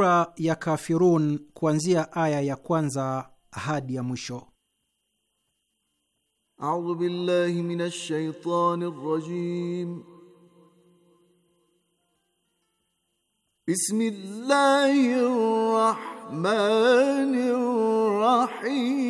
sura ya Kafirun kuanzia aya ya kwanza hadi ya mwisho. A'udhu billahi minash shaitani Bismillahir rahmanir rahim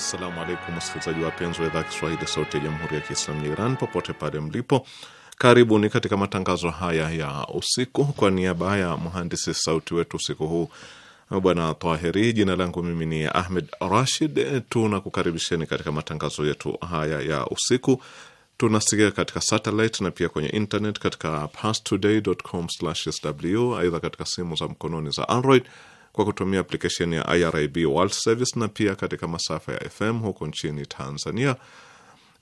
Assalamu alaikum wasikilizaji wapenzi wa idhaa Kiswahili sauti ya jamhuri ya Kiislamu ya Iran popote pale mlipo, karibuni katika matangazo haya ya usiku. Kwa niaba ya mhandisi sauti wetu usiku huu Bwana Tahiri, jina langu mimi ni Ahmed Rashid. Tunakukaribisheni katika matangazo yetu haya ya usiku. Tunasikia katika satellite na pia kwenye internet katika pastoday.com/sw. Aidha, katika simu za mkononi za Android kwa kutumia aplikesheni ya IRIB World Service na pia katika masafa ya FM huko nchini Tanzania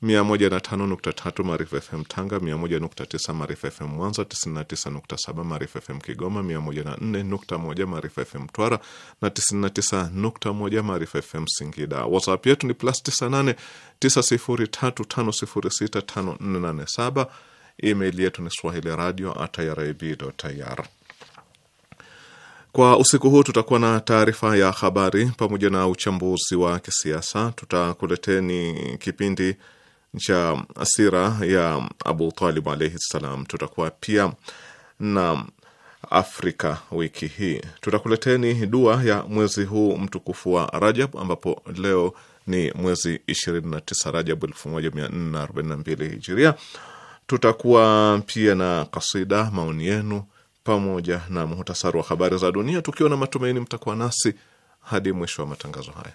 105.3 Maarifa FM Tanga, 101.9 Maarifa FM Mwanza, 99.7 Maarifa FM Kigoma, 104.1 Maarifa FM Twara na 99.1 Maarifa FM Singida. WhatsApp yetu ni plus 98 9035065487. Email yetu ni swahili radio at irib.ir. Kwa usiku huu tutakuwa na taarifa ya habari pamoja na uchambuzi wa kisiasa. Tutakuleteni kipindi cha sira ya Abu Talib alaihi ssalam. Tutakuwa pia na Afrika wiki hii. Tutakuleteni dua ya mwezi huu mtukufu wa Rajab, ambapo leo ni mwezi 29 Rajab 1442 Hijiria. Tutakuwa pia na kasida, maoni yenu pamoja na muhtasari wa habari za dunia, tukiwa na matumaini mtakuwa nasi hadi mwisho wa matangazo haya.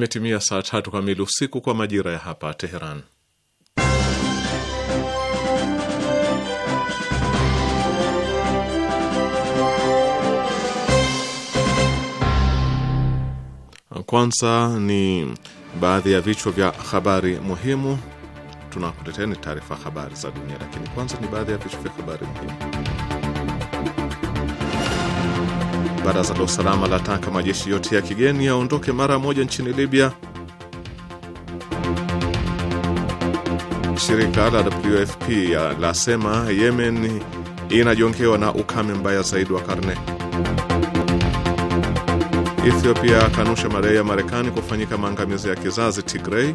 Imetimia saa tatu kamili usiku kwa majira ya hapa Teheran. Kwanza ni baadhi ya vichwa vya habari muhimu. Tunakuletea ni taarifa habari za dunia, lakini kwanza ni baadhi ya vichwa vya habari muhimu. Baraza la Usalama lataka majeshi yote ya kigeni yaondoke mara moja nchini Libya. Shirika la WFP lasema Yemen inajongewa na ukame mbaya zaidi wa karne. Ethiopia kanusha madai ya Marekani kufanyika maangamizi ya kizazi Tigray,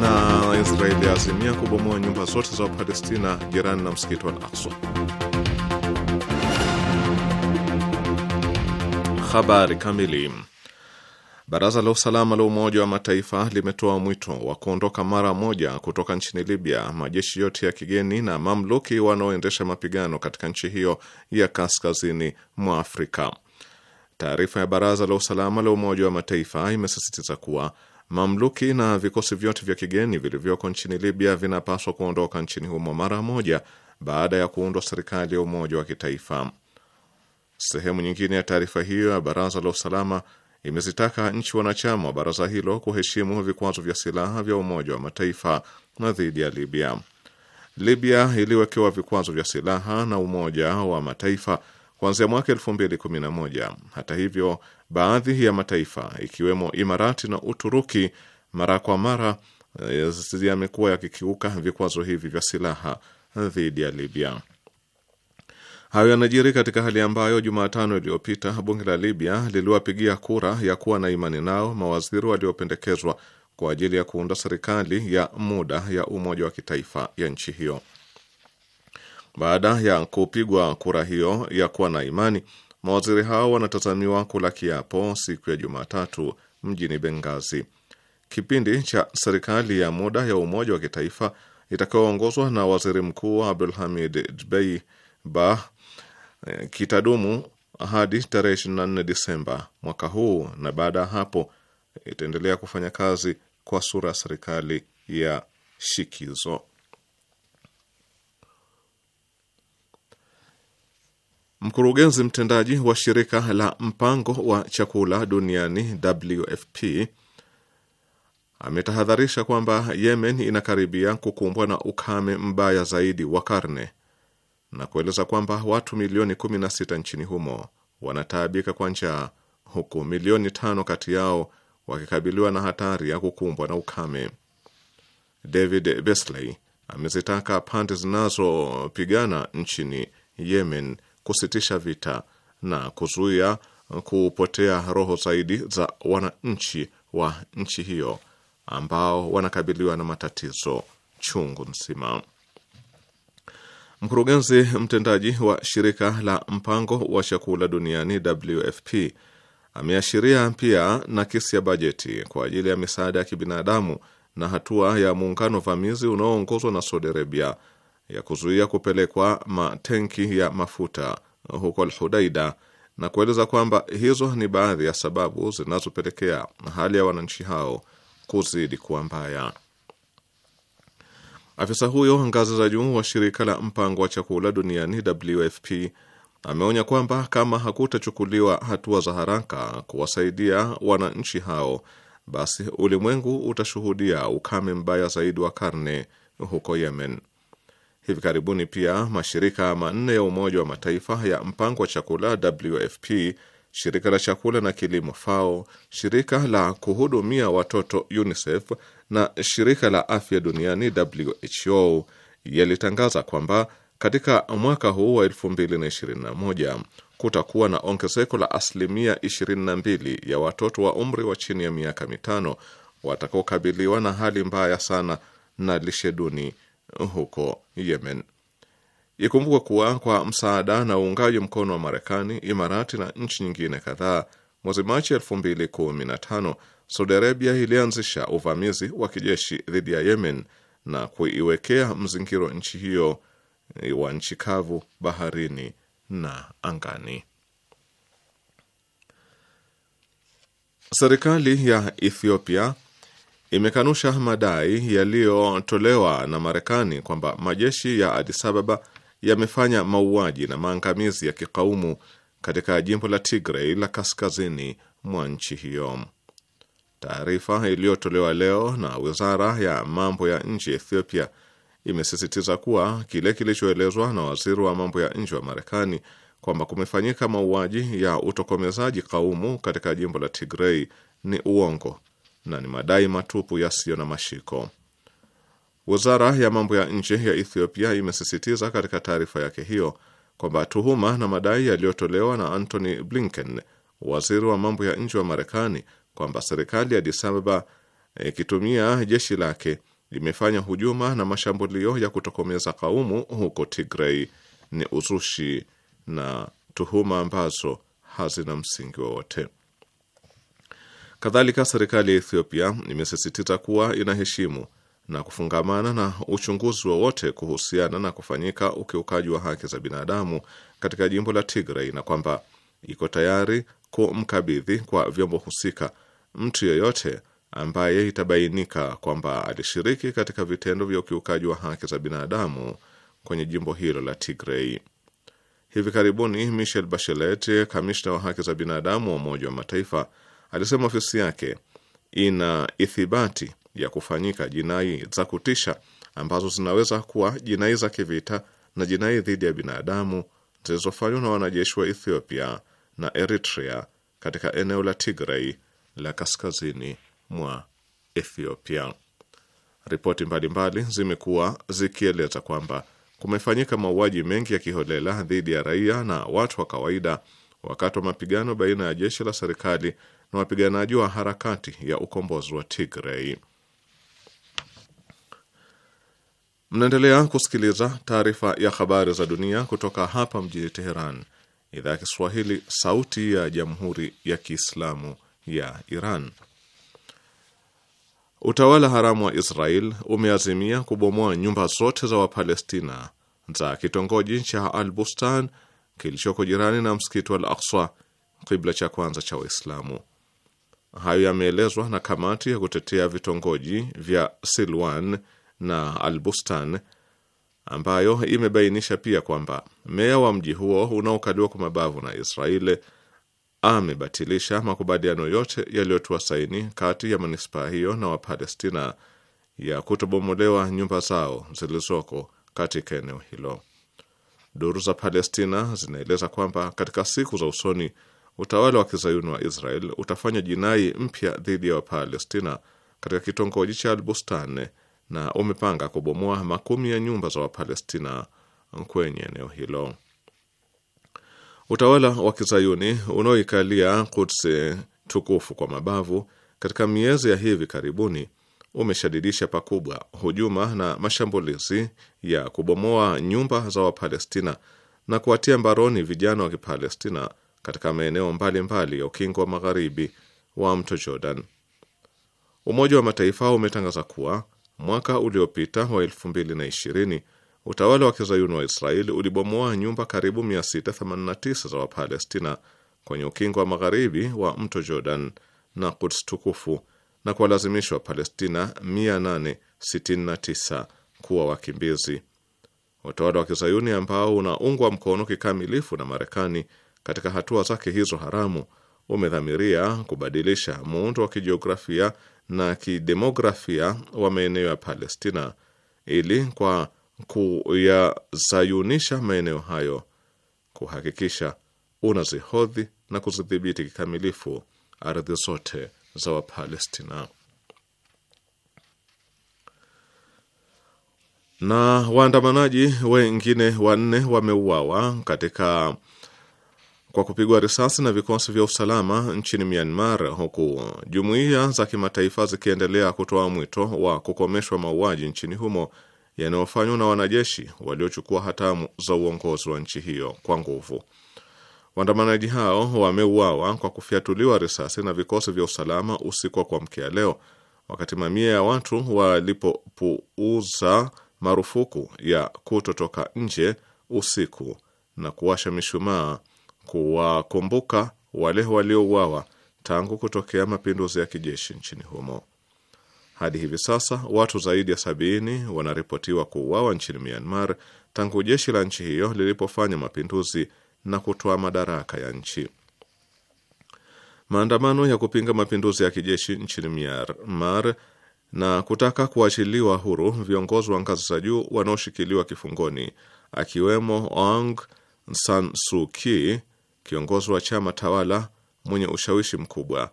na Israeli yaazimia kubomoa nyumba zote za Wapalestina jirani na msikiti wa Al-Aqsa. Habari kamili. Baraza la usalama la Umoja wa Mataifa limetoa mwito wa kuondoka mara moja kutoka nchini Libya majeshi yote ya kigeni na mamluki wanaoendesha mapigano katika nchi hiyo ya kaskazini mwa Afrika. Taarifa ya Baraza la Usalama la Umoja wa Mataifa imesisitiza kuwa mamluki na vikosi vyote vya kigeni vilivyoko nchini Libya vinapaswa kuondoka nchini humo mara moja baada ya kuundwa serikali ya umoja wa kitaifa. Sehemu nyingine ya taarifa hiyo ya Baraza la Usalama imezitaka nchi wanachama wa baraza hilo kuheshimu vikwazo vya silaha vya Umoja wa Mataifa na dhidi ya Libya. Libya iliwekewa vikwazo vya silaha na Umoja wa Mataifa kuanzia mwaka moja. Hata hivyo, baadhi ya mataifa ikiwemo Imarati na Uturuki mara kwa mara eh, yamekuwa yakikiuka vikwazo hivi vya silaha dhidi ya Libya. Hayo yanajiri katika hali ambayo Jumatano iliyopita bunge la Libya liliwapigia kura ya kuwa na imani nao mawaziri waliopendekezwa kwa ajili ya kuunda serikali ya muda ya umoja wa kitaifa ya nchi hiyo. Baada ya kupigwa kura hiyo ya kuwa na imani, mawaziri hao wanatazamiwa kula kiapo siku ya Jumatatu mjini Bengazi. Kipindi cha serikali ya muda ya umoja wa kitaifa itakayoongozwa na waziri mkuu Abdulhamid Dbei Eh, kitadumu hadi tarehe 24 Disemba mwaka huu, na baada ya hapo eh, itaendelea kufanya kazi kwa sura ya serikali ya shikizo. Mkurugenzi mtendaji wa shirika la mpango wa chakula duniani WFP ametahadharisha kwamba Yemen inakaribia kukumbwa na ukame mbaya zaidi wa karne na kueleza kwamba watu milioni 16 nchini humo wanataabika kwa njaa huku milioni tano kati yao wakikabiliwa na hatari ya kukumbwa na ukame. David Beasley amezitaka pande zinazopigana nchini Yemen kusitisha vita na kuzuia kupotea roho zaidi za wananchi wa nchi hiyo ambao wanakabiliwa na matatizo chungu nzima. Mkurugenzi mtendaji wa shirika la mpango wa chakula duniani WFP ameashiria pia nakisi ya bajeti kwa ajili ya misaada ya kibinadamu na hatua ya muungano vamizi unaoongozwa na Saudi Arabia ya kuzuia kupelekwa matenki ya mafuta huko alhudaida na kueleza kwamba hizo ni baadhi ya sababu zinazopelekea hali ya wananchi hao kuzidi kuwa mbaya. Afisa huyo ngazi za juu wa shirika la mpango wa chakula duniani WFP ameonya kwamba kama hakutachukuliwa hatua za haraka kuwasaidia wananchi hao, basi ulimwengu utashuhudia ukame mbaya zaidi wa karne huko Yemen. Hivi karibuni pia mashirika manne ya Umoja wa Mataifa ya mpango wa chakula WFP shirika la chakula na kilimo FAO, shirika la kuhudumia watoto UNICEF na shirika la afya duniani WHO yalitangaza kwamba katika mwaka huu wa 2021 kutakuwa na ongezeko la asilimia 22 ya watoto wa umri wa chini ya miaka mitano watakaokabiliwa na hali mbaya sana na lishe duni huko Yemen. Ikumbukwe kuwa kwa msaada na uungaji mkono wa Marekani, Imarati na nchi nyingine kadhaa, mwezi Machi 2015 Saudi Arabia ilianzisha uvamizi wa kijeshi dhidi ya Yemen na kuiwekea mzingiro nchi hiyo eh, wa nchi kavu, baharini na angani. Serikali ya Ethiopia imekanusha madai yaliyotolewa na Marekani kwamba majeshi ya Addis Ababa yamefanya mauaji na maangamizi ya kikaumu katika jimbo la Tigray la kaskazini mwa nchi hiyo. Taarifa iliyotolewa leo na wizara ya mambo ya nje Ethiopia imesisitiza kuwa kile kilichoelezwa na waziri wa mambo ya nje wa Marekani kwamba kumefanyika mauaji ya utokomezaji kaumu katika jimbo la Tigray ni uongo na ni madai matupu yasiyo na mashiko. Wizara ya mambo ya nje ya Ethiopia imesisitiza katika taarifa yake hiyo kwamba tuhuma na madai yaliyotolewa na Antony Blinken, waziri wa mambo ya nje wa Marekani, kwamba serikali ya Addis Ababa eh, ikitumia jeshi lake limefanya hujuma na mashambulio ya kutokomeza kaumu huko Tigrei ni uzushi na tuhuma ambazo hazina msingi wowote. Kadhalika, serikali ya Ethiopia imesisitiza kuwa inaheshimu na kufungamana na uchunguzi wowote kuhusiana na kufanyika ukiukaji wa haki za binadamu katika jimbo la Tigray na kwamba iko tayari kumkabidhi kwa vyombo husika mtu yeyote ambaye itabainika kwamba alishiriki katika vitendo vya ukiukaji wa haki za binadamu kwenye jimbo hilo la Tigray. Hivi karibuni Michel Bachelet, kamishna wa haki za binadamu wa Umoja wa Mataifa, alisema ofisi yake ina ithibati ya kufanyika jinai za kutisha ambazo zinaweza kuwa jinai za kivita na jinai dhidi ya binadamu zilizofanywa na wanajeshi wa Ethiopia na Eritrea katika eneo la Tigray la kaskazini mwa Ethiopia. Ripoti mbalimbali zimekuwa zikieleza kwamba kumefanyika mauaji mengi ya kiholela dhidi ya raia na watu wa kawaida wakati wa mapigano baina ya jeshi la serikali na wapiganaji wa harakati ya ukombozi wa Tigray. Mnaendelea kusikiliza taarifa ya habari za dunia kutoka hapa mjini Teheran, idhaa ya Kiswahili, sauti ya jamhuri ya kiislamu ya Iran. Utawala haramu wa Israel umeazimia kubomoa nyumba zote za Wapalestina za kitongoji cha Al Bustan kilichoko jirani na msikiti wa Al Aksa, kibla cha kwanza cha Waislamu. Hayo yameelezwa na kamati ya kutetea vitongoji vya Silwan na Albustan ambayo imebainisha pia kwamba meya wa mji huo unaokaliwa kwa mabavu na Israeli amebatilisha makubaliano yote yaliyotua saini kati ya manispaa hiyo na Wapalestina ya kutobomolewa nyumba zao zilizoko katika eneo hilo. Duru za Palestina zinaeleza kwamba katika siku za usoni utawala wa kizayuni wa Israel utafanya jinai mpya dhidi ya Wapalestina katika kitongoji cha Albustan na umepanga kubomoa makumi ya nyumba za Wapalestina kwenye eneo hilo. Utawala wa kizayuni unaoikalia kutsi tukufu kwa mabavu katika miezi ya hivi karibuni umeshadidisha pakubwa hujuma na mashambulizi ya kubomoa nyumba za Wapalestina na kuwatia mbaroni vijana wa Kipalestina katika maeneo mbalimbali ya ukingo wa magharibi wa mto Jordan. Umoja wa Mataifa umetangaza kuwa mwaka uliopita wa 2020 utawala wa kizayuni wa Israeli ulibomoa nyumba karibu 689 za Wapalestina kwenye ukingo wa magharibi wa mto Jordan na Kuds tukufu na kuwalazimisha Wapalestina 869 kuwa wakimbizi. Utawala wa kizayuni ambao unaungwa mkono kikamilifu na Marekani katika hatua zake hizo haramu umedhamiria kubadilisha muundo wa kijiografia na kidemografia wa maeneo ya Palestina ili kwa kuyazayunisha maeneo hayo kuhakikisha unazihodhi na kuzidhibiti kikamilifu ardhi zote za Wapalestina. Na waandamanaji wengine wanne wameuawa katika kwa kupigwa risasi na vikosi vya usalama nchini Myanmar, huku jumuiya za kimataifa zikiendelea kutoa mwito wa kukomeshwa mauaji nchini humo yanayofanywa na wanajeshi waliochukua hatamu za uongozi wa nchi hiyo kwa nguvu. Waandamanaji hao wameuawa kwa kufyatuliwa risasi na vikosi vya usalama usiku wa kuamkia leo, wakati mamia ya watu walipopuuza marufuku ya kutotoka nje usiku na kuwasha mishumaa kuwakumbuka wale waliouawa tangu kutokea mapinduzi ya kijeshi nchini humo. Hadi hivi sasa watu zaidi ya sabini wanaripotiwa kuuawa nchini Myanmar tangu jeshi la nchi hiyo lilipofanya mapinduzi na kutoa madaraka ya nchi. Maandamano ya kupinga mapinduzi ya kijeshi nchini Myanmar na kutaka kuachiliwa huru viongozi wa ngazi za juu wanaoshikiliwa kifungoni akiwemo Aung San Suu Kyi kiongozi wa chama tawala mwenye ushawishi mkubwa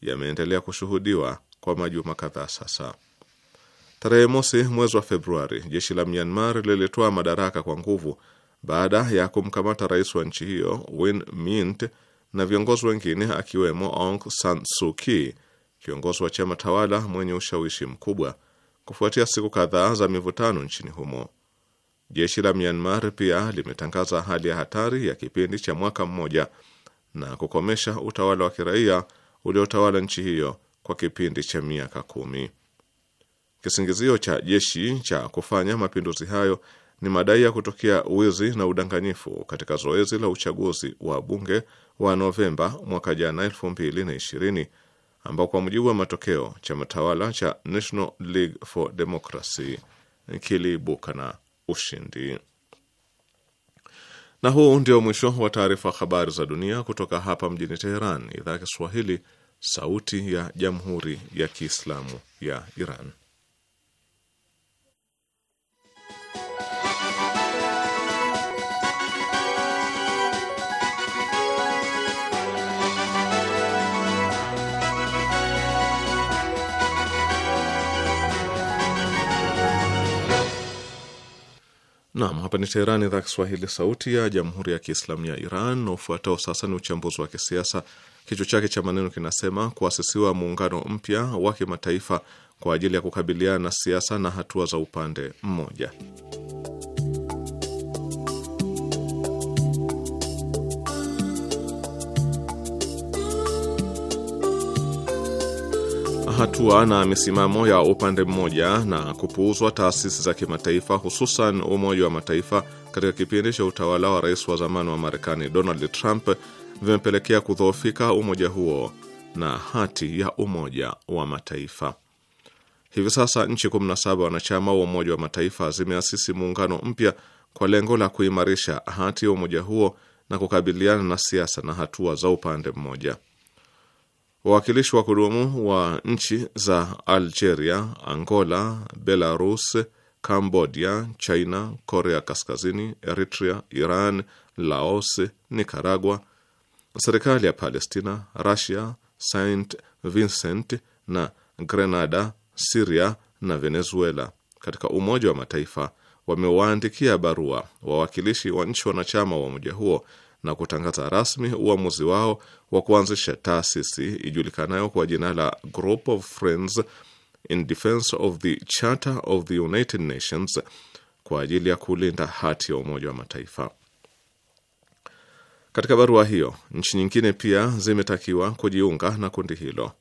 yameendelea kushuhudiwa kwa majuma kadhaa sasa. Tarehe mosi mwezi wa Februari, jeshi la Myanmar lilitoa madaraka kwa nguvu baada ya kumkamata rais wa nchi hiyo Win Myint na viongozi wengine akiwemo Aung San Suu Kyi, kiongozi wa chama tawala mwenye ushawishi mkubwa, kufuatia siku kadhaa za mivutano nchini humo. Jeshi la Myanmar pia limetangaza hali ya hatari ya kipindi cha mwaka mmoja na kukomesha utawala wa kiraia uliotawala nchi hiyo kwa kipindi cha miaka kumi. Kisingizio cha jeshi cha kufanya mapinduzi hayo ni madai ya kutokea wizi na udanganyifu katika zoezi la uchaguzi wa bunge wa Novemba mwaka jana ishirini ambao kwa mujibu wa matokeo chama tawala cha National League for Democracy kiliibuka na ushindi. Na huu ndio mwisho wa taarifa habari za dunia kutoka hapa mjini Teheran, idhaa ya Kiswahili, sauti ya jamhuri ya kiislamu ya Iran. Naam, hapa ni Teherani, idhaa Kiswahili, sauti ya jamhuri ya kiislamu ya Iran. Na ufuatao sasa ni uchambuzi wa kisiasa, kichwa chake cha maneno kinasema kuasisiwa muungano mpya wa kimataifa kwa ajili ya kukabiliana na siasa na hatua za upande mmoja. hatua na misimamo ya upande mmoja na kupuuzwa taasisi za kimataifa hususan Umoja wa Mataifa katika kipindi cha utawala wa rais wa zamani wa Marekani Donald Trump vimepelekea kudhoofika umoja huo na hati ya Umoja wa Mataifa. Hivi sasa nchi 17 wanachama wa Umoja wa Mataifa zimeasisi muungano mpya kwa lengo la kuimarisha hati ya umoja huo na kukabiliana na siasa na hatua za upande mmoja. Wawakilishi wa kudumu wa nchi za Algeria, Angola, Belarus, Cambodia, China, Korea Kaskazini, Eritrea, Iran, Laos, Nicaragua, serikali ya Palestina, Russia, Saint Vincent na Grenada, Siria na Venezuela katika Umoja wa Mataifa wamewaandikia barua wawakilishi wa nchi wanachama wa umoja huo na kutangaza rasmi uamuzi wao wa kuanzisha taasisi ijulikanayo kwa jina la Group of Friends in Defense of the Charter of the United Nations kwa ajili ya kulinda hati ya Umoja wa Mataifa. Katika barua hiyo, nchi nyingine pia zimetakiwa kujiunga na kundi hilo.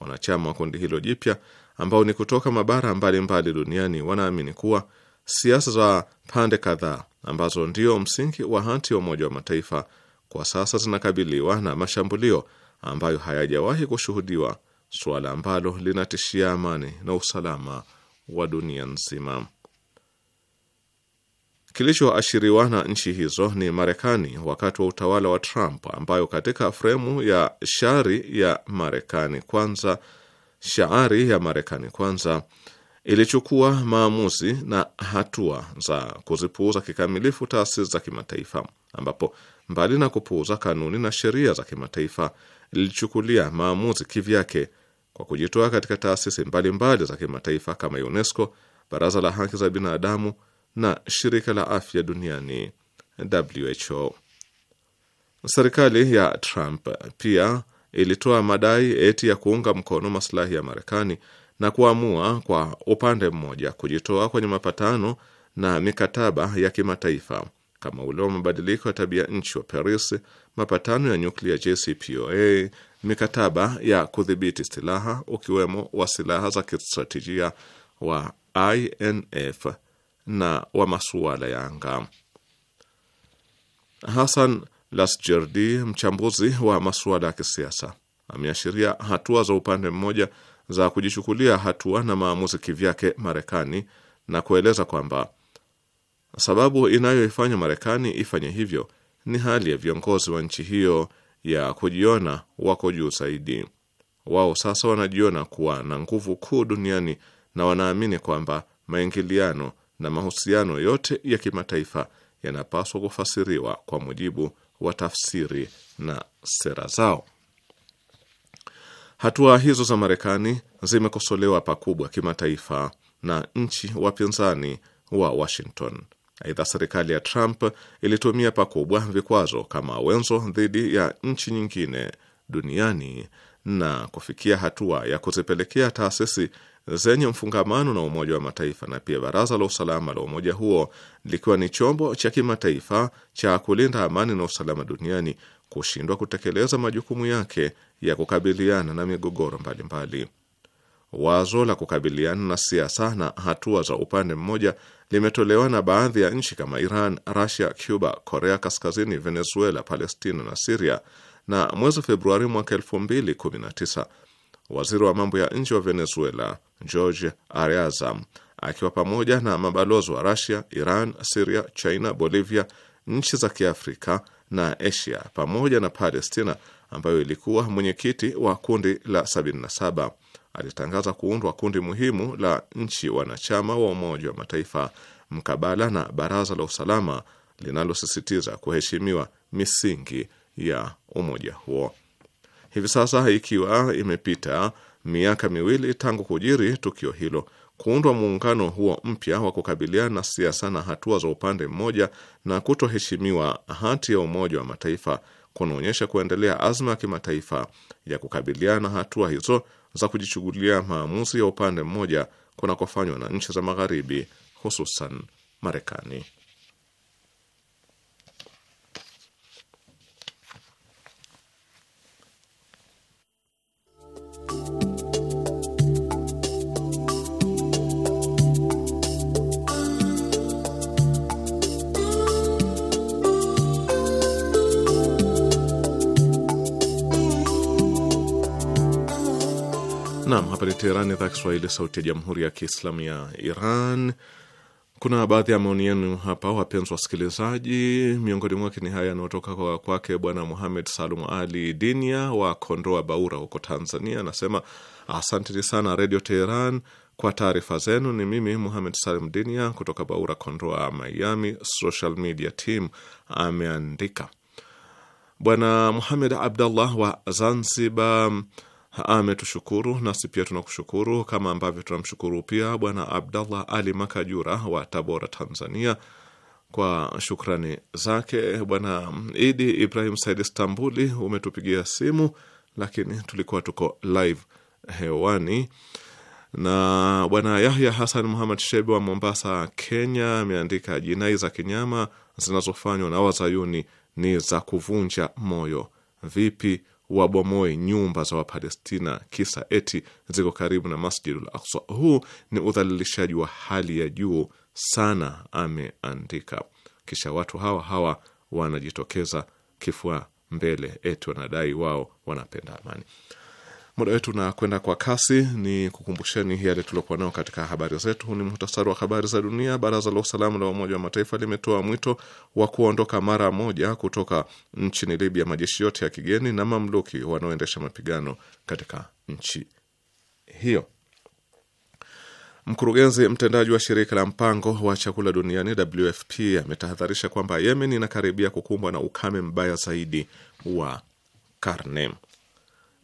Wanachama wa kundi hilo jipya ambao ni kutoka mabara mbalimbali mbali duniani wanaamini kuwa siasa za pande kadhaa ambazo ndio msingi wa hati ya Umoja wa Mataifa kwa sasa zinakabiliwa na mashambulio ambayo hayajawahi kushuhudiwa, suala ambalo linatishia amani na usalama wa dunia nzima. Kilichoashiriwa na nchi hizo ni Marekani wakati wa utawala wa Trump, ambayo katika fremu ya shari ya Marekani kwanza, shaari ya Marekani kwanza ilichukua maamuzi na hatua za kuzipuuza kikamilifu taasisi za kimataifa, ambapo mbali na kupuuza kanuni na sheria za kimataifa, lilichukulia maamuzi kivyake kwa kujitoa katika taasisi mbalimbali za kimataifa kama UNESCO, Baraza la Haki za Binadamu na Shirika la Afya Duniani, WHO. Serikali ya Trump pia ilitoa madai eti ya kuunga mkono maslahi ya Marekani na kuamua kwa upande mmoja kujitoa kwenye mapatano na mikataba ya kimataifa kama ule wa mabadiliko ya tabia nchi wa Paris, mapatano ya nyuklia JCPOA, mikataba ya kudhibiti silaha ukiwemo wa silaha za kistratejia wa INF na wa masuala ya anga. Hassan Lasjerdi, mchambuzi wa masuala ya kisiasa, ameashiria hatua za upande mmoja za kujishughulia hatua na maamuzi kivyake Marekani na kueleza kwamba sababu inayoifanya Marekani ifanye hivyo ni hali ya viongozi wa nchi hiyo ya kujiona wako juu zaidi. Wao sasa wanajiona kuwa na nguvu kuu duniani na wanaamini kwamba maingiliano na mahusiano yote ya kimataifa yanapaswa kufasiriwa kwa mujibu wa tafsiri na sera zao. Hatua hizo za Marekani zimekosolewa pakubwa kimataifa na nchi wapinzani wa Washington. Aidha, serikali ya Trump ilitumia pakubwa vikwazo kama wenzo dhidi ya nchi nyingine duniani na kufikia hatua ya kuzipelekea taasisi zenye mfungamano na Umoja wa Mataifa na pia Baraza la Usalama la umoja huo likiwa ni chombo cha kimataifa cha kulinda amani na usalama duniani kushindwa kutekeleza majukumu yake ya kukabiliana na migogoro mbalimbali. Wazo la kukabiliana na siasa na hatua za upande mmoja limetolewa na baadhi ya nchi kama Iran, Russia, Cuba, Korea Kaskazini, Venezuela, Palestina na Siria. Na mwezi Februari mwaka 2019 waziri wa mambo ya nje wa Venezuela George Areaza akiwa pamoja na mabalozi wa Russia, Iran, Siria, China, Bolivia, nchi za Kiafrika na Asia pamoja na Palestina ambayo ilikuwa mwenyekiti wa kundi la 77 alitangaza kuundwa kundi muhimu la nchi wanachama wa Umoja wa Mataifa mkabala na Baraza la Usalama linalosisitiza kuheshimiwa misingi ya umoja huo. Hivi sasa ikiwa imepita miaka miwili tangu kujiri tukio hilo, kuundwa muungano huo mpya wa kukabiliana na siasa na hatua za upande mmoja na kutoheshimiwa hati ya Umoja wa Mataifa kunaonyesha kuendelea azma ya kimataifa ya kukabiliana na hatua hizo za kujichugulia maamuzi ya upande mmoja kunakofanywa na nchi za Magharibi, hususan Marekani. Teheran, idhaa Kiswahili, sauti ya jamhuri ya kiislamu ya Iran. Kuna baadhi ya maoni yenu hapa, wapenzi wasikilizaji. Miongoni mwake ni haya yanayotoka kwa kwake Bwana Muhamed Salum Ali Dinia wa Kondoa Baura huko Tanzania. Anasema asanteni sana Redio Teheran kwa taarifa zenu. Ni mimi Muhamed Salim Dinia kutoka Baura, Kondoa, Miami. Social media team ameandika. Bwana Muhamed Abdallah wa Zanzibar ametushukuru nasi pia tunakushukuru, kama ambavyo tunamshukuru pia Bwana Abdallah Ali Makajura wa Tabora, Tanzania, kwa shukrani zake. Bwana Idi Ibrahim Said Istambuli, umetupigia simu lakini tulikuwa tuko live hewani na bwana Yahya Hasan Muhamad Shebe wa Mombasa, Kenya ameandika jinai za kinyama zinazofanywa na wazayuni ni za kuvunja moyo. Vipi wabomoe nyumba za Wapalestina kisa eti ziko karibu na Masjidul Aqsa. Huu ni udhalilishaji wa hali ya juu sana, ameandika. Kisha watu hawa hawa wanajitokeza kifua mbele, eti wanadai wao wanapenda amani. Muda wetu unakwenda kwa kasi, ni kukumbusheni yale tuliokuwa nayo katika habari zetu. Huu ni muhtasari wa habari za dunia. Baraza la usalama la Umoja wa Mataifa limetoa mwito wa kuondoka mara moja kutoka nchini Libya majeshi yote ya kigeni na mamluki wanaoendesha mapigano katika nchi hiyo. Mkurugenzi mtendaji wa shirika la mpango wa chakula duniani WFP ametahadharisha kwamba Yemen inakaribia kukumbwa na ukame mbaya zaidi wa karne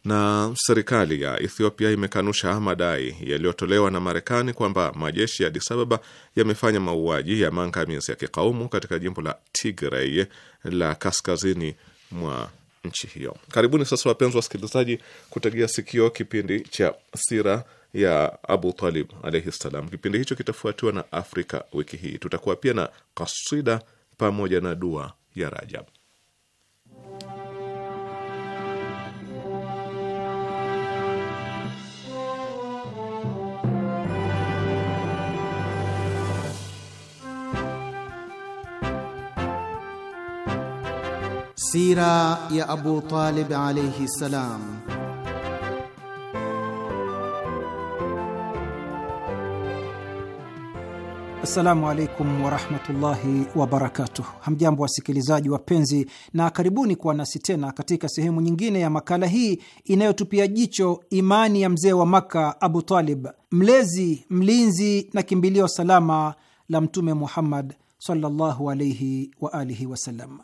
na serikali ya Ethiopia imekanusha madai yaliyotolewa na Marekani kwamba majeshi ya Addis Ababa yamefanya mauaji ya maangamizi ya kikaumu katika jimbo la Tigray la kaskazini mwa nchi hiyo. Karibuni sasa, wapenzi wasikilizaji, kutegea sikio kipindi cha sira ya Abu Talib alaihi ssalam. Kipindi hicho kitafuatiwa na Afrika wiki hii. Tutakuwa pia na kasida pamoja na dua ya Rajab. Sira ya Abu Talib alayhi salam. Assalamu alaikum warahmatullahi wabarakatuh. Hamjambo wasikilizaji wapenzi, na karibuni kuwa nasi tena katika sehemu nyingine ya makala hii inayotupia jicho imani ya mzee wa Makka, Abu Talib, mlezi, mlinzi na kimbilio salama la Mtume Muhammad sallallahu alaihi wa alihi wasallam.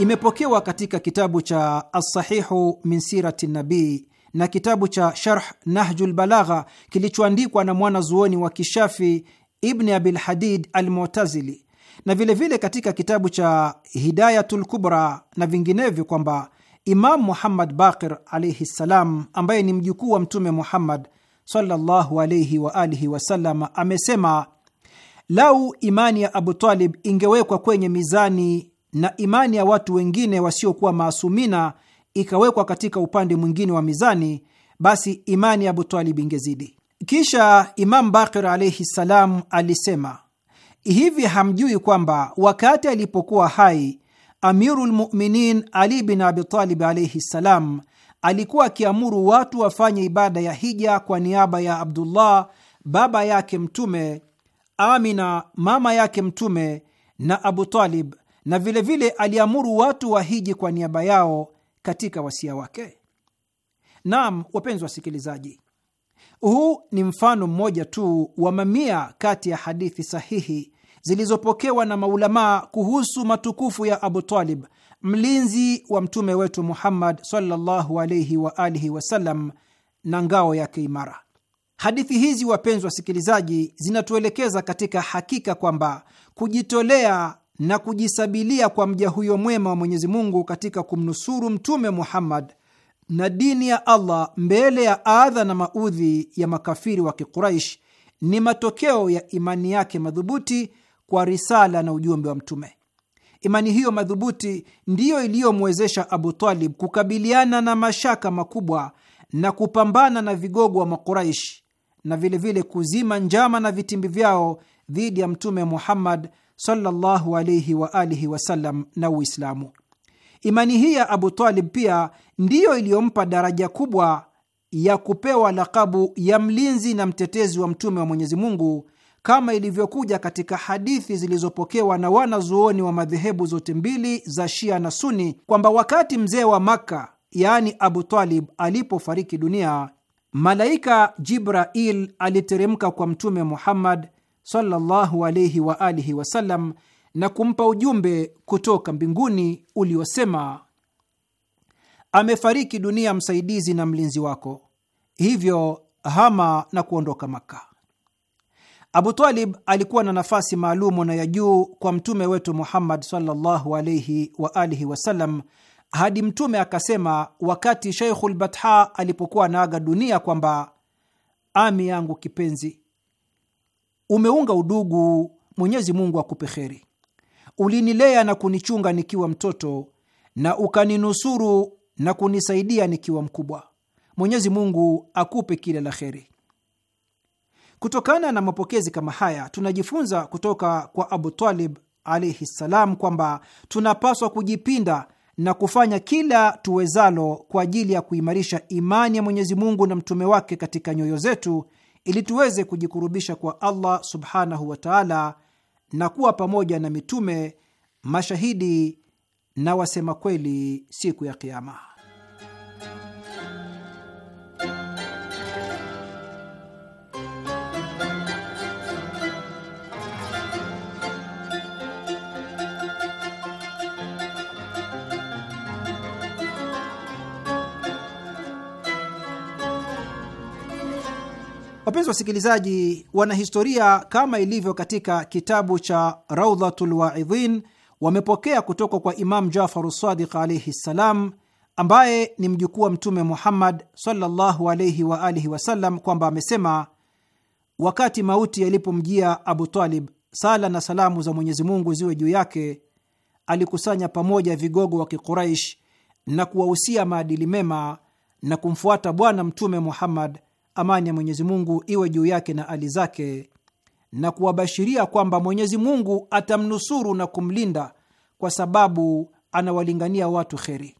Imepokewa katika kitabu cha Alsahihu min sirati nabii na kitabu cha Sharh Nahjul Balagha kilichoandikwa na mwanazuoni wa Kishafi Ibni Abil Hadid Almutazili na vilevile vile katika kitabu cha Hidayatul Kubra na vinginevyo kwamba Imamu Muhammad Baqir alaihi ssalam, ambaye ni mjukuu wa Mtume Muhammad sallallahu alaihi wa alihi wasallam, amesema lau imani ya Abu Talib ingewekwa kwenye mizani na imani ya watu wengine wasiokuwa maasumina ikawekwa katika upande mwingine wa mizani, basi imani ya abutalib ingezidi. Kisha Imam Bakir alaihi ssalam alisema hivi, hamjui kwamba wakati alipokuwa hai Amiru lmuminin Ali bin Abitalib alaihi ssalam alikuwa akiamuru watu wafanye ibada ya hija kwa niaba ya Abdullah baba yake Mtume, Amina mama yake Mtume na Abutalib na vilevile vile aliamuru watu wahiji kwa niaba yao katika wasia wake. Naam, wapenzi wasikilizaji, huu ni mfano mmoja tu wa mamia kati ya hadithi sahihi zilizopokewa na maulamaa kuhusu matukufu ya Abu Talib, mlinzi wa mtume wetu Muhammad sallallahu alaihi wa alihi wasallam na ngao yake imara. Hadithi hizi, wapenzi wasikilizaji, zinatuelekeza katika hakika kwamba kujitolea na kujisabilia kwa mja huyo mwema wa Mwenyezi Mungu katika kumnusuru Mtume Muhammad na dini ya Allah mbele ya adha na maudhi ya makafiri wa Kiquraish ni matokeo ya imani yake madhubuti kwa risala na ujumbe wa Mtume. Imani hiyo madhubuti ndiyo iliyomwezesha Abu Talib kukabiliana na mashaka makubwa na kupambana na vigogo wa Makuraishi na vilevile vile kuzima njama na vitimbi vyao dhidi ya Mtume Muhammad sallallahu alayhi wa alihi wasallam na Uislamu. Imani hii ya Abu Talib pia ndiyo iliyompa daraja kubwa ya kupewa lakabu ya mlinzi na mtetezi wa mtume wa Mwenyezi Mungu kama ilivyokuja katika hadithi zilizopokewa na wanazuoni wa madhehebu zote mbili za Shia na Suni kwamba wakati mzee wa Makka yaani Abu Talib alipofariki dunia, malaika Jibrail aliteremka kwa Mtume Muhammad sallallahu alayhi wa alihi wasallam na kumpa ujumbe kutoka mbinguni uliosema, amefariki dunia msaidizi na mlinzi wako, hivyo hama na kuondoka Maka. Abu Talib alikuwa na nafasi maalumu na ya juu kwa mtume wetu Muhammad sallallahu alayhi wa alihi wasallam hadi mtume akasema wakati Sheikhul Batha alipokuwa anaaga dunia kwamba ami yangu kipenzi Umeunga udugu, Mwenyezi Mungu akupe kheri. Ulinilea na kunichunga nikiwa mtoto na ukaninusuru na kunisaidia nikiwa mkubwa. Mwenyezi Mungu akupe kila la kheri. Kutokana na mapokezi kama haya tunajifunza kutoka kwa Abu Talib alaihi ssalam kwamba tunapaswa kujipinda na kufanya kila tuwezalo kwa ajili ya kuimarisha imani ya Mwenyezi Mungu na mtume wake katika nyoyo zetu ili tuweze kujikurubisha kwa Allah subhanahu wa taala na kuwa pamoja na mitume, mashahidi na wasema kweli siku ya Kiama. Wapenzi wasikilizaji, wanahistoria kama ilivyo katika kitabu cha Raudhatul Waidhin wamepokea kutoka kwa Imamu Jafaru Sadiq alaihi ssalam, ambaye ni mjukuu wa Mtume Muhammad sallallahu alaihi wa alihi wasallam, kwamba amesema wakati mauti yalipomjia Abu Talib, sala na salamu za Mwenyezi Mungu ziwe juu yake, alikusanya pamoja vigogo wa Kiquraish na kuwahusia maadili mema na kumfuata Bwana Mtume Muhammad amani ya Mwenyezi Mungu iwe juu yake na ali zake, na kuwabashiria kwamba Mwenyezi Mungu atamnusuru na kumlinda kwa sababu anawalingania watu kheri.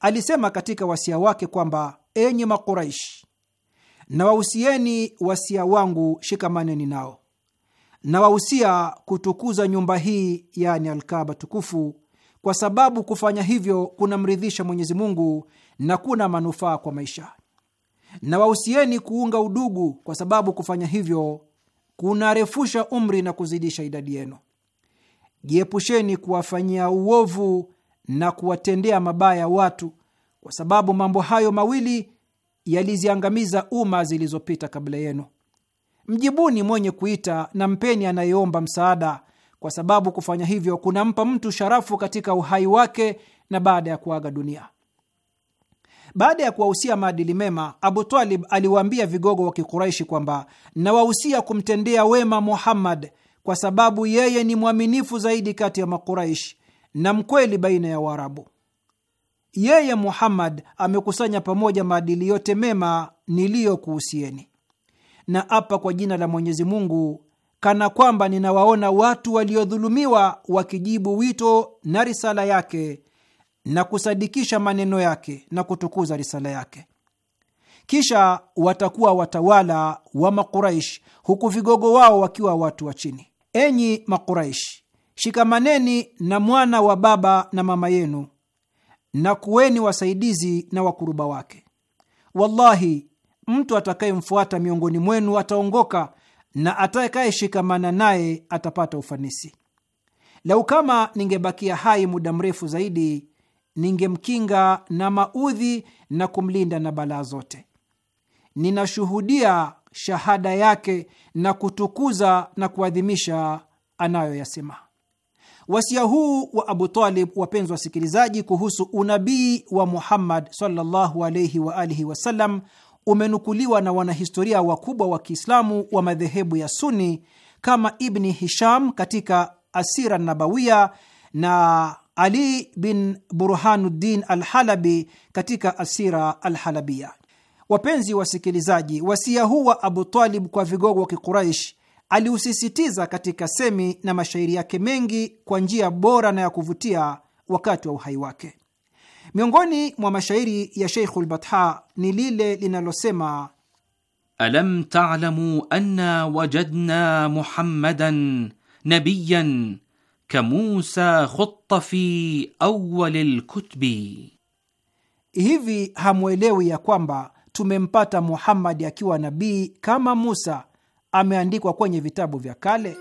Alisema katika wasia wake kwamba, enyi Makuraishi, na wasia wangu, shikamaneni nao na kutukuza nyumba hii, yani Alkaba tukufu, kwa sababu kufanya hivyo kunamridhisha Mwenyezi Mungu na kuna manufaa kwa maisha na wahusieni kuunga udugu, kwa sababu kufanya hivyo kunarefusha umri na kuzidisha idadi yenu. Jiepusheni kuwafanyia uovu na kuwatendea mabaya watu, kwa sababu mambo hayo mawili yaliziangamiza umma zilizopita kabla yenu. Mjibuni mwenye kuita na mpeni anayeomba msaada, kwa sababu kufanya hivyo kunampa mtu sharafu katika uhai wake na baada ya kuaga dunia. Baada ya kuwahusia maadili mema, Abu Talib aliwaambia vigogo wa Kikuraishi kwamba nawahusia kumtendea wema Muhammad kwa sababu yeye ni mwaminifu zaidi kati ya Makuraishi na mkweli baina ya Waarabu. Yeye Muhammad amekusanya pamoja maadili yote mema niliyokuhusieni, na apa kwa jina la Mwenyezi Mungu kana kwamba ninawaona watu waliodhulumiwa wakijibu wito na risala yake na kusadikisha maneno yake na kutukuza risala yake. Kisha watakuwa watawala wa Makuraish, huku vigogo wao wakiwa watu wa chini. Enyi Makuraish, shikamaneni na mwana wa baba na mama yenu na kuweni wasaidizi na wakuruba wake. Wallahi, mtu atakayemfuata miongoni mwenu ataongoka na atakayeshikamana naye atapata ufanisi. Lau kama ningebakia hai muda mrefu zaidi, ningemkinga na maudhi na kumlinda na balaa zote. Ninashuhudia shahada yake na kutukuza na kuadhimisha anayoyasema. Wasia huu wa Abu Talib, wapenzi wasikilizaji, kuhusu unabii wa Muhammad sallallahu alaihi wa alihi wasallam umenukuliwa na wanahistoria wakubwa wa Kiislamu wa madhehebu ya Suni kama Ibni Hisham katika Asira Nabawiya na ali bin Burhanuddin Alhalabi katika Asira Alhalabia. Wapenzi wasikilizaji, wasia huu wa Abu Talib kwa vigogo wa Kiquraish aliusisitiza katika semi na mashairi yake mengi kwa njia bora na ya kuvutia wakati wa uhai wake. Miongoni mwa mashairi ya Sheikhul Batha ni lile linalosema alam ta'lamu anna wajadna muhammadan nabiyan كموسى خط في أول الكتب Hivi hamwelewi ya kwamba tumempata Muhammadi akiwa nabii kama Musa ameandikwa kwenye vitabu vya kale?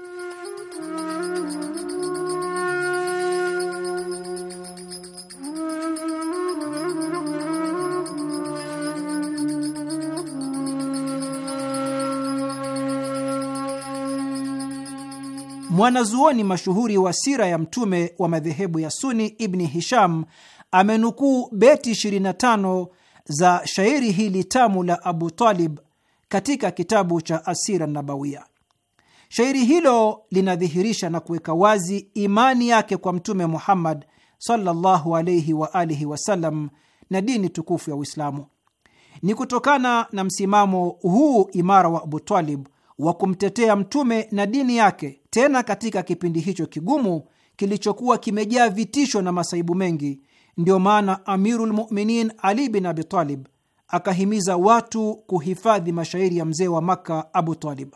Mwanazuoni mashuhuri wa sira ya mtume wa madhehebu ya Suni Ibni Hisham amenukuu beti 25 za shairi hili tamu la Abu Talib katika kitabu cha Asira Nabawiya. Shairi hilo linadhihirisha na kuweka wazi imani yake kwa Mtume Muhammad sallallahu alaihi wa alihi wasallam na dini tukufu ya Uislamu. Ni kutokana na msimamo huu imara wa Abu Talib wa kumtetea mtume na dini yake, tena katika kipindi hicho kigumu kilichokuwa kimejaa vitisho na masaibu mengi. Ndiyo maana Amirul Muminin Ali bin Abi Talib akahimiza watu kuhifadhi mashairi ya mzee wa Makka Abu Talib.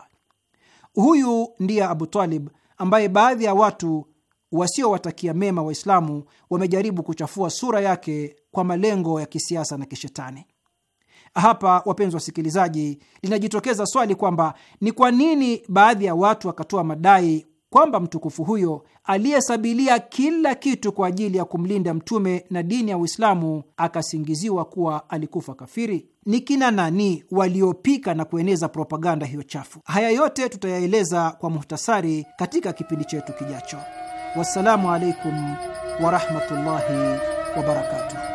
Huyu ndiye Abu Talib ambaye baadhi ya watu wasiowatakia mema Waislamu wamejaribu kuchafua sura yake kwa malengo ya kisiasa na kishetani. Hapa wapenzi wasikilizaji, linajitokeza swali kwamba ni kwa nini baadhi ya watu wakatoa madai kwamba mtukufu huyo aliyesabilia kila kitu kwa ajili ya kumlinda mtume na dini ya Uislamu akasingiziwa kuwa alikufa kafiri? Ni kina nani waliopika na kueneza propaganda hiyo chafu? Haya yote tutayaeleza kwa muhtasari katika kipindi chetu kijacho. Wassalamu alaikum warahmatullahi wabarakatuh.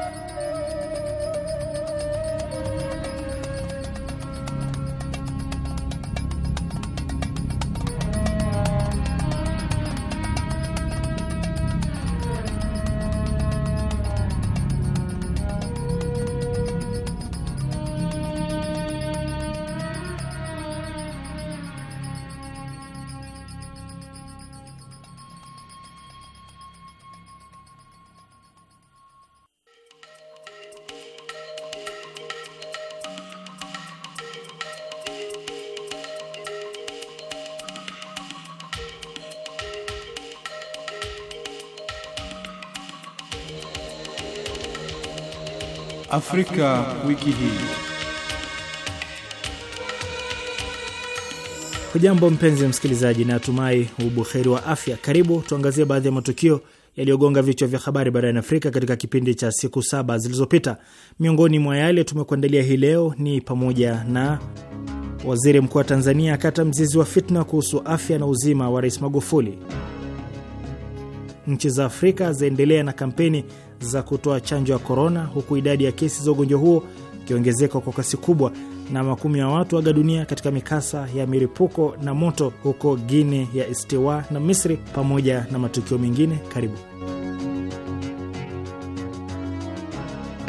Afrika wiki hii. Hujambo mpenzi msikilizaji, na atumai ubuheri wa afya. Karibu tuangazie baadhi ya matukio yaliyogonga vichwa vya habari barani Afrika katika kipindi cha siku saba zilizopita. Miongoni mwa yale tumekuandalia hii leo ni pamoja na waziri mkuu wa Tanzania akata mzizi wa fitna kuhusu afya na uzima wa Rais Magufuli, nchi za Afrika zaendelea na kampeni za kutoa chanjo ya korona, huku idadi ya kesi za ugonjwa huo ikiongezeka kwa kasi kubwa na makumi ya watu aga dunia katika mikasa ya milipuko na moto huko guine ya Istiwa na Misri, pamoja na matukio mengine. Karibu.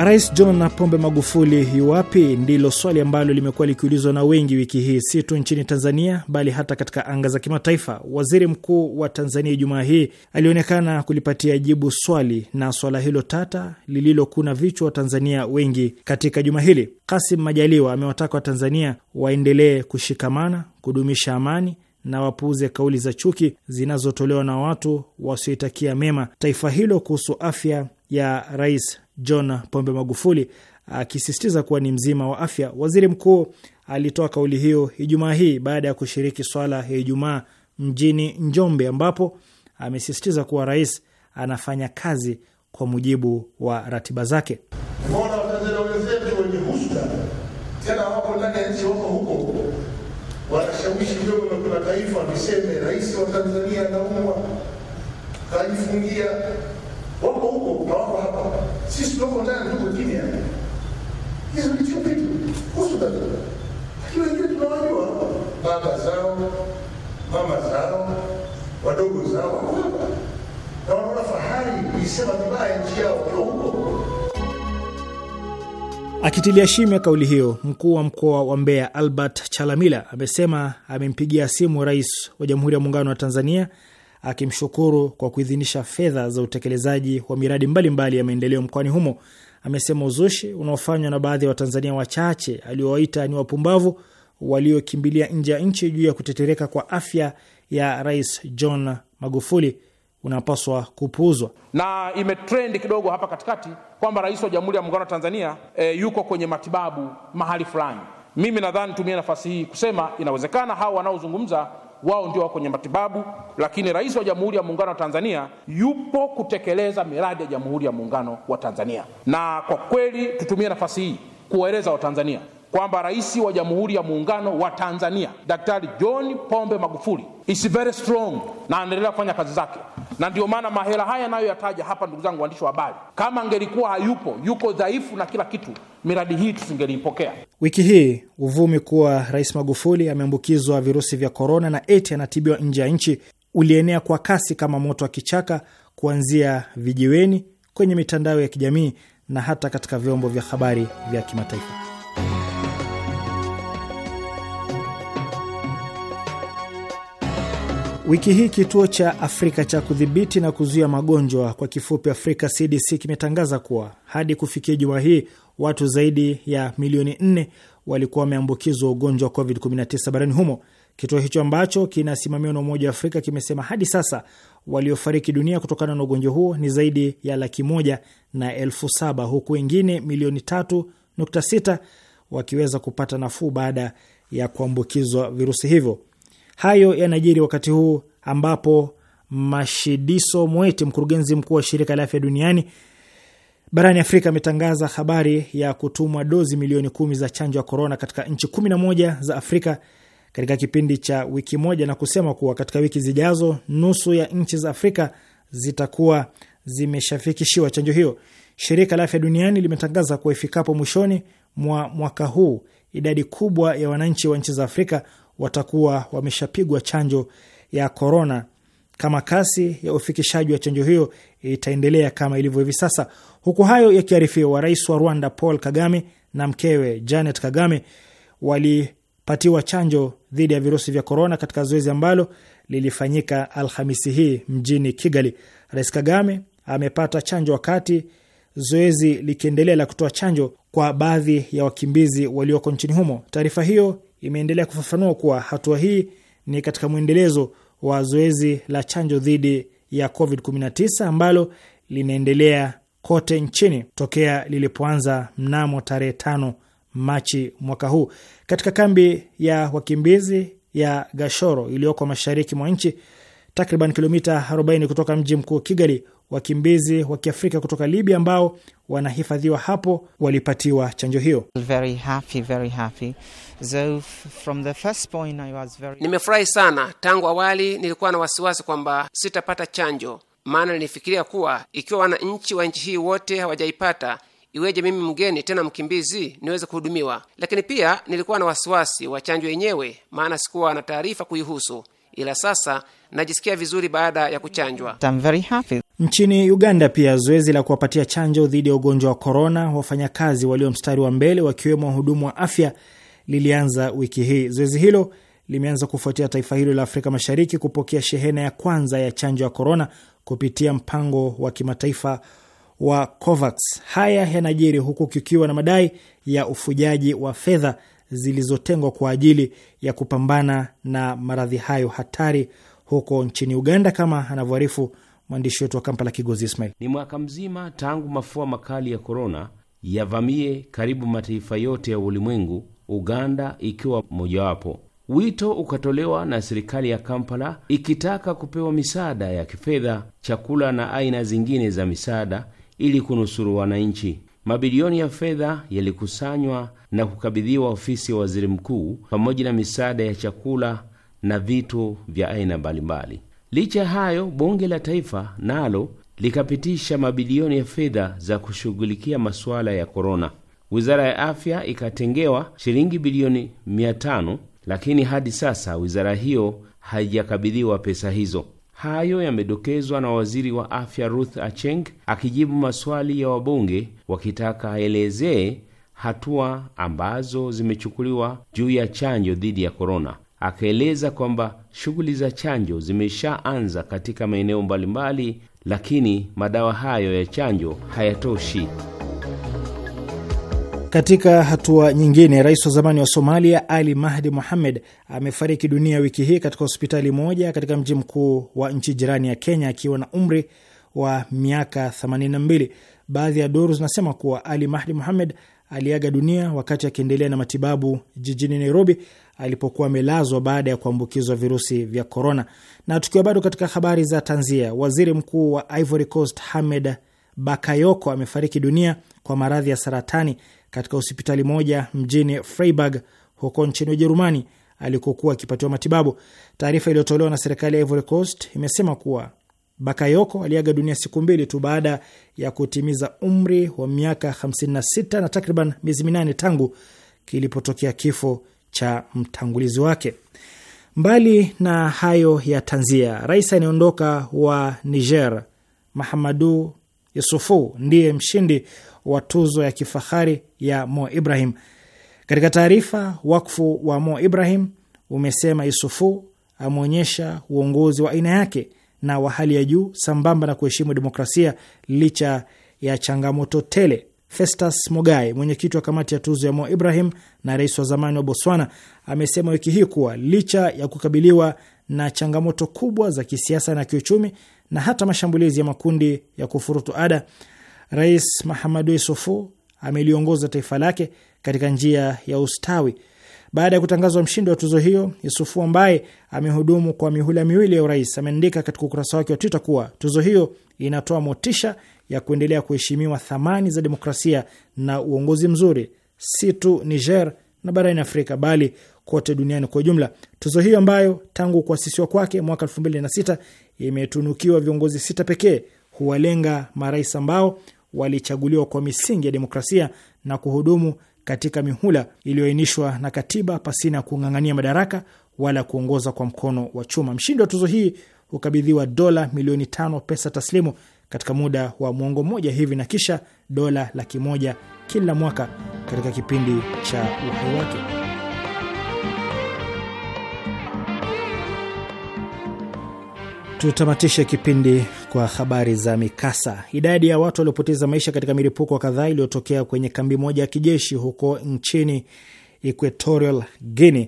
Rais John Pombe Magufuli yuwapi? Ndilo swali ambalo limekuwa likiulizwa na wengi wiki hii, si tu nchini Tanzania bali hata katika anga za kimataifa. Waziri Mkuu wa Tanzania Jumaa hii alionekana kulipatia jibu swali na swala hilo tata lililokuna vichwa wa tanzania wengi katika juma hili. Kasim Majaliwa amewataka Watanzania waendelee kushikamana, kudumisha amani na wapuuze kauli za chuki zinazotolewa na watu wasioitakia mema taifa hilo kuhusu afya ya Rais John Pombe Magufuli akisisitiza kuwa ni mzima wa afya. Waziri mkuu alitoa kauli hiyo Ijumaa hii baada ya kushiriki swala ya Ijumaa mjini Njombe, ambapo amesisitiza kuwa rais anafanya kazi kwa mujibu wa ratiba zake. Nimeona Watanzania wenzetu wenye tena wako ndani ya nchi huko wanashawishi vyombo vya kimataifa viseme rais wa Tanzania anaumwa, kajifungia, wako huko na wako hapa tulioko ndani tuko hizo kuhusu Lakini wengine tunawajua baba zao, mama zao, wadogo zao na wanaona fahari vibaya nchi yao huko. Akitilia shime ya kauli hiyo, mkuu wa mkoa wa Mbeya Albert Chalamila amesema amempigia simu rais wa Jamhuri ya Muungano wa Tanzania akimshukuru kwa kuidhinisha fedha za utekelezaji wa miradi mbalimbali mbali ya maendeleo mkoani humo. Amesema uzushi unaofanywa na baadhi ya wa Watanzania wachache aliowaita ni wapumbavu waliokimbilia nje ya nchi juu ya kutetereka kwa afya ya Rais John Magufuli unapaswa kupuuzwa. Na imetrendi kidogo hapa katikati kwamba rais wa Jamhuri ya Muungano wa Tanzania e, yuko kwenye matibabu mahali fulani. Mimi nadhani tumie nafasi hii kusema inawezekana hao wanaozungumza wao ndio wako kwenye matibabu, lakini rais wa Jamhuri ya Muungano wa Tanzania yupo kutekeleza miradi ya Jamhuri ya Muungano wa Tanzania. Na kwa kweli tutumie nafasi hii kuwaeleza Watanzania kwamba rais wa Jamhuri ya Muungano wa Tanzania Daktari John Pombe Magufuli is very strong na anaendelea kufanya kazi zake, na ndio maana mahela haya nayoyataja hapa, ndugu zangu waandishi wa habari, kama angelikuwa hayupo, yuko dhaifu na kila kitu, miradi hii tusingelipokea. Wiki hii uvumi kuwa Rais Magufuli ameambukizwa virusi vya korona na eti anatibiwa nje ya nchi ulienea kwa kasi kama moto wa kichaka, kuanzia vijiweni, kwenye mitandao ya kijamii na hata katika vyombo vya habari vya kimataifa. Wiki hii kituo cha Afrika cha kudhibiti na kuzuia magonjwa kwa kifupi Afrika CDC kimetangaza kuwa hadi kufikia juma hii watu zaidi ya milioni 4 walikuwa wameambukizwa ugonjwa wa COVID-19 barani humo. Kituo hicho ambacho kinasimamiwa na Umoja wa Afrika kimesema hadi sasa waliofariki dunia kutokana na ugonjwa huo ni zaidi ya laki moja na elfu saba huku wengine milioni 3.6 wakiweza kupata nafuu baada ya kuambukizwa virusi hivyo. Hayo yanajiri wakati huu ambapo Mashidiso Mweti, mkurugenzi mkuu wa shirika la afya duniani barani Afrika, ametangaza habari ya kutumwa dozi milioni kumi za chanjo ya korona katika nchi kumi na moja za Afrika katika kipindi cha wiki moja, na kusema kuwa katika wiki zijazo nusu ya nchi za Afrika zitakuwa zimeshafikishiwa chanjo hiyo. Shirika la afya duniani limetangaza kuwa ifikapo mwishoni mwa mwaka huu idadi kubwa ya wananchi wa nchi za Afrika watakuwa wameshapigwa chanjo ya korona kama kasi ya ufikishaji wa chanjo hiyo itaendelea kama ilivyo hivi sasa. Huku hayo yakiarifiwa, rais wa Rwanda Paul Kagame na mkewe Janet Kagame walipatiwa chanjo dhidi ya virusi vya korona katika zoezi ambalo lilifanyika Alhamisi hii mjini Kigali. Rais Kagame amepata chanjo wakati zoezi likiendelea la kutoa chanjo kwa baadhi ya wakimbizi walioko nchini humo. Taarifa hiyo imeendelea kufafanua kuwa hatua hii ni katika mwendelezo wa zoezi la chanjo dhidi ya COVID-19 ambalo linaendelea kote nchini tokea lilipoanza mnamo tarehe 5 Machi mwaka huu. Katika kambi ya wakimbizi ya Gashoro iliyoko mashariki mwa nchi takriban kilomita 40 kutoka mji mkuu Kigali, wakimbizi wa Kiafrika kutoka Libya ambao wanahifadhiwa hapo walipatiwa chanjo hiyo. very happy, very happy. So from the first point I was very... nimefurahi sana. Tangu awali nilikuwa na wasiwasi kwamba sitapata chanjo, maana nilifikiria kuwa ikiwa wananchi wa nchi hii wote hawajaipata iweje mimi mgeni tena mkimbizi niweze kuhudumiwa? Lakini pia nilikuwa na wasiwasi wa chanjo yenyewe, maana sikuwa na taarifa kuihusu, ila sasa najisikia vizuri baada ya kuchanjwa. I'm very happy. Nchini Uganda pia zoezi la kuwapatia chanjo dhidi ya ugonjwa wa korona wafanyakazi walio mstari wa mbele wakiwemo wahudumu wa afya lilianza wiki hii. Zoezi hilo limeanza kufuatia taifa hilo la Afrika Mashariki kupokea shehena ya kwanza ya chanjo ya korona kupitia mpango wa kimataifa wa COVAX. Haya yanajiri huku kukiwa na madai ya ufujaji wa fedha zilizotengwa kwa ajili ya kupambana na maradhi hayo hatari huko nchini Uganda, kama anavyoarifu mwandishi wetu wa Kampala, Kigozi Ismail. Ni mwaka mzima tangu mafua makali ya korona yavamie karibu mataifa yote ya ulimwengu, Uganda ikiwa mojawapo. Wito ukatolewa na serikali ya Kampala ikitaka kupewa misaada ya kifedha, chakula na aina zingine za misaada ili kunusuru wananchi. Mabilioni ya fedha yalikusanywa na kukabidhiwa ofisi ya waziri mkuu pamoja na misaada ya chakula na vitu vya aina mbalimbali. Licha hayo, bunge la taifa nalo likapitisha mabilioni ya fedha za kushughulikia masuala ya korona. Wizara ya afya ikatengewa shilingi bilioni 5 lakini hadi sasa wizara hiyo haijakabidhiwa pesa hizo. Hayo yamedokezwa na waziri wa afya Ruth Acheng akijibu maswali ya wabunge wakitaka aelezee hatua ambazo zimechukuliwa juu ya chanjo dhidi ya korona akaeleza kwamba shughuli za chanjo zimeshaanza katika maeneo mbalimbali, lakini madawa hayo ya chanjo hayatoshi. Katika hatua nyingine, rais wa zamani wa Somalia Ali Mahdi muhammed amefariki dunia wiki hii katika hospitali moja katika mji mkuu wa nchi jirani ya Kenya akiwa na umri wa miaka 82. Baadhi ya duru zinasema kuwa Ali Mahdi muhamed aliaga dunia wakati akiendelea na matibabu jijini Nairobi alipokuwa amelazwa baada ya kuambukizwa virusi vya korona. Na tukiwa bado katika habari za tanzia, waziri mkuu wa Ivory Coast Hamed Bakayoko amefariki dunia kwa maradhi ya saratani katika hospitali moja mjini Freiburg huko nchini Ujerumani alikokuwa akipatiwa matibabu. Taarifa iliyotolewa na serikali ya Ivory Coast imesema kuwa Bakayoko aliaga dunia siku mbili tu baada ya kutimiza umri wa miaka 56 na takriban miezi minane tangu kilipotokea kifo cha mtangulizi wake. Mbali na hayo ya tanzia, rais anayeondoka wa Niger Mahamadu Yusufu ndiye mshindi wa tuzo ya kifahari ya Mo Ibrahim. Katika taarifa, wakfu wa Mo Ibrahim umesema Yusufu ameonyesha uongozi wa aina yake na wa hali ya juu sambamba na kuheshimu demokrasia licha ya changamoto tele. Festus Mogae, mwenyekiti wa kamati ya tuzo ya Mo Ibrahim na rais wa zamani wa Botswana, amesema wiki hii kuwa licha ya kukabiliwa na changamoto kubwa za kisiasa na kiuchumi na hata mashambulizi ya makundi ya kufurutu ada, Rais Mahamadu yusufu ameliongoza taifa lake katika njia ya ustawi baada ya kutangazwa mshindi wa tuzo hiyo, Yusufu ambaye amehudumu kwa mihula miwili ya urais ameandika katika ukurasa wake wa Twitter kuwa tuzo hiyo inatoa motisha ya kuendelea kuheshimiwa thamani za demokrasia na uongozi mzuri, si tu Niger na barani Afrika bali kote duniani kwa ujumla. Tuzo hiyo ambayo tangu kuasisiwa kwake mwaka sita imetunukiwa viongozi sita pekee huwalenga marais ambao walichaguliwa kwa misingi ya demokrasia na kuhudumu katika mihula iliyoainishwa na katiba pasina ya kung'ang'ania madaraka wala kuongoza kwa mkono wa chuma. Mshindi wa tuzo hii hukabidhiwa dola milioni tano pesa taslimu katika muda wa mwongo mmoja hivi na kisha dola laki moja kila mwaka katika kipindi cha uhai wake. Tutamatishe kipindi kwa habari za mikasa. Idadi ya watu waliopoteza maisha katika milipuko kadhaa iliyotokea kwenye kambi moja ya kijeshi huko nchini Equatorial Guinea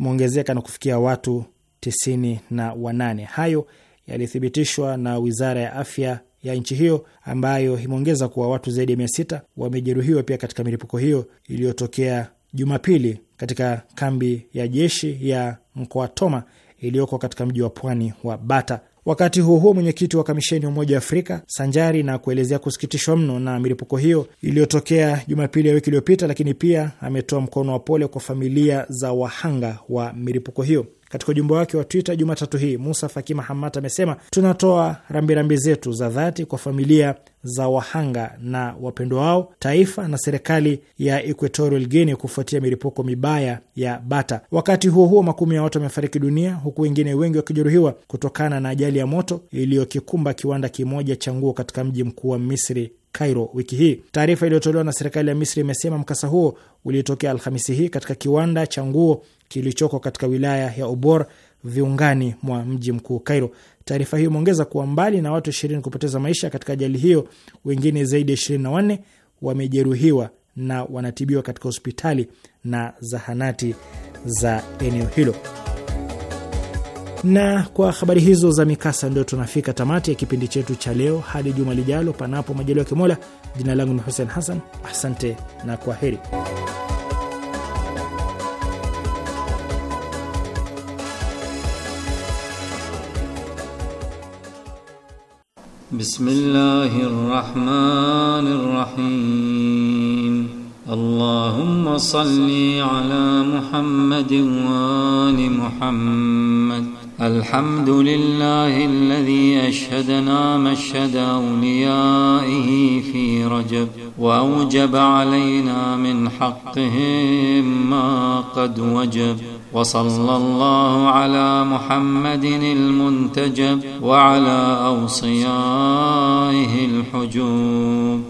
imeongezeka na kufikia watu tisini na wanane. Hayo yalithibitishwa na wizara ya afya ya nchi hiyo ambayo imeongeza kuwa watu zaidi ya mia sita wamejeruhiwa pia katika milipuko hiyo iliyotokea Jumapili katika kambi ya jeshi ya Mkoa Toma iliyoko katika mji wa pwani wa Bata. Wakati huo huo, mwenyekiti wa kamisheni ya Umoja wa Afrika sanjari na kuelezea kusikitishwa mno na milipuko hiyo iliyotokea Jumapili ya wiki iliyopita, lakini pia ametoa mkono wa pole kwa familia za wahanga wa milipuko hiyo. Katika ujumbe wake wa Twitter Jumatatu hii, Musa Faki Mahamat amesema tunatoa rambirambi zetu za dhati kwa familia za wahanga na wapendwa wao, taifa na serikali ya Equatorial Guinea kufuatia milipuko mibaya ya Bata. Wakati huo huo, makumi ya watu wamefariki dunia huku wengine wengi wakijeruhiwa kutokana na ajali ya moto iliyokikumba kiwanda kimoja cha nguo katika mji mkuu wa Misri Cairo wiki hii. Taarifa iliyotolewa na serikali ya Misri imesema mkasa huo uliotokea Alhamisi hii katika kiwanda cha nguo kilichoko katika wilaya ya Obor viungani mwa mji mkuu Cairo. Taarifa hiyo imeongeza kuwa mbali na watu ishirini kupoteza maisha katika ajali hiyo, wengine zaidi ya ishirini na wanne wamejeruhiwa na wanatibiwa katika hospitali na zahanati za eneo hilo. Na kwa habari hizo za mikasa, ndio tunafika tamati ya kipindi chetu cha leo. Hadi juma lijalo, panapo majaliwa ya Jina langu ni Hussein Hassan, asante na kwa heri. Bismillahi rahmani rahim. Allahumma salli ala Muhammadin wa ali Muhammad الحمد لله الذي أشهدنا مشهد أوليائه في رجب وأوجب علينا من حقهم ما قد وجب وصلى الله على محمد المنتجب وعلى أوصيائه الحجوب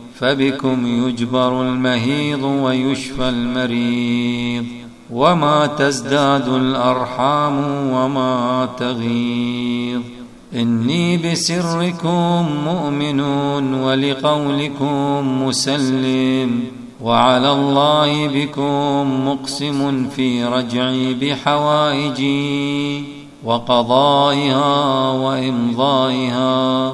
فبكم يجبر المهيض ويشفى المريض وما تزداد الارحام وما تغيظ اني بسركم مؤمن ولقولكم مسلم وعلى الله بكم مقسم في رجعي بحوائجي وقضائها وامضائها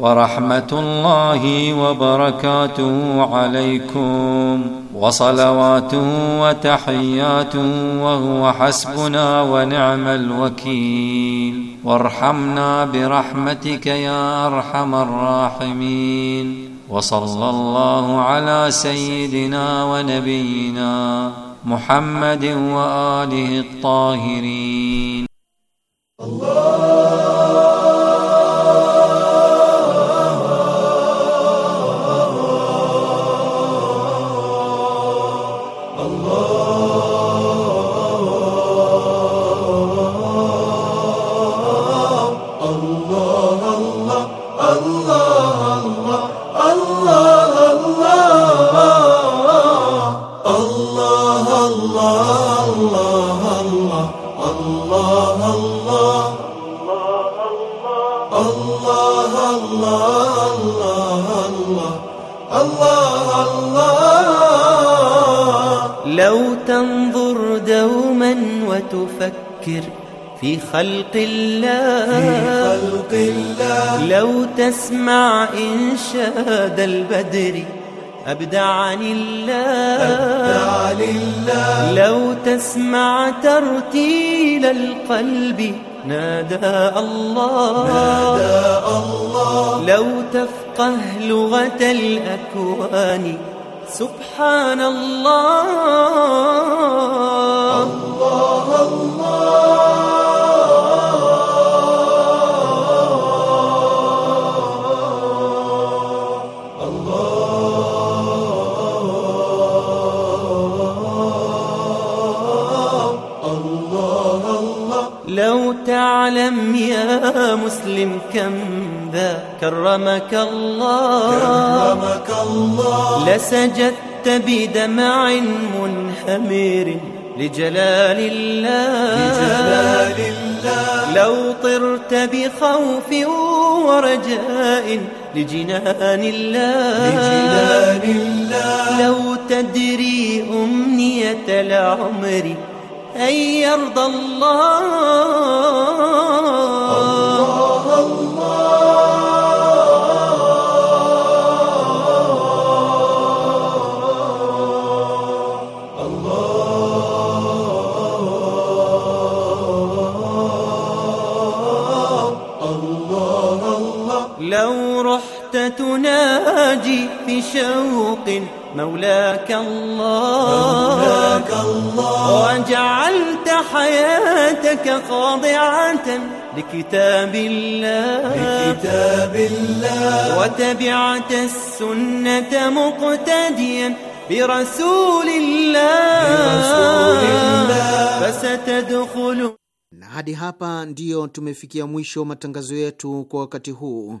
ورحمه الله وبركاته عليكم وصلواته وتحياته وهو حسبنا ونعم الوكيل وارحمنا برحمتك يا ارحم الراحمين وصلى الله على سيدنا ونبينا محمد واله الطاهرين الله تنظر دوما وتفكر في خلق الله في خلق الله لو تسمع إنشاد البدر أبدعني الله أبدعني الله لو تسمع ترتيل القلب نادى الله نادى الله لو تفقه لغة الأكوان سبحان الله الله الله واعلم يا مسلم كم ذا كرمك الله كرمك الله لسجدت بدمع منهمر لجلال الله, لجلال الله لو طرت بخوف ورجاء لجنان الله, لجنان الله لو تدري أمنية العمر أن يرضى الله الله الله الله لو رحت تناجي في شوق مولاك الله مولاك الله وجعلت حياتك خاضعة لكتاب الله لكتاب الله وتبعت السنة مقتديا برسول الله برسول الله فستدخل. Na hadi hapa ndiyo tumefikia mwisho matangazo yetu kwa wakati huu.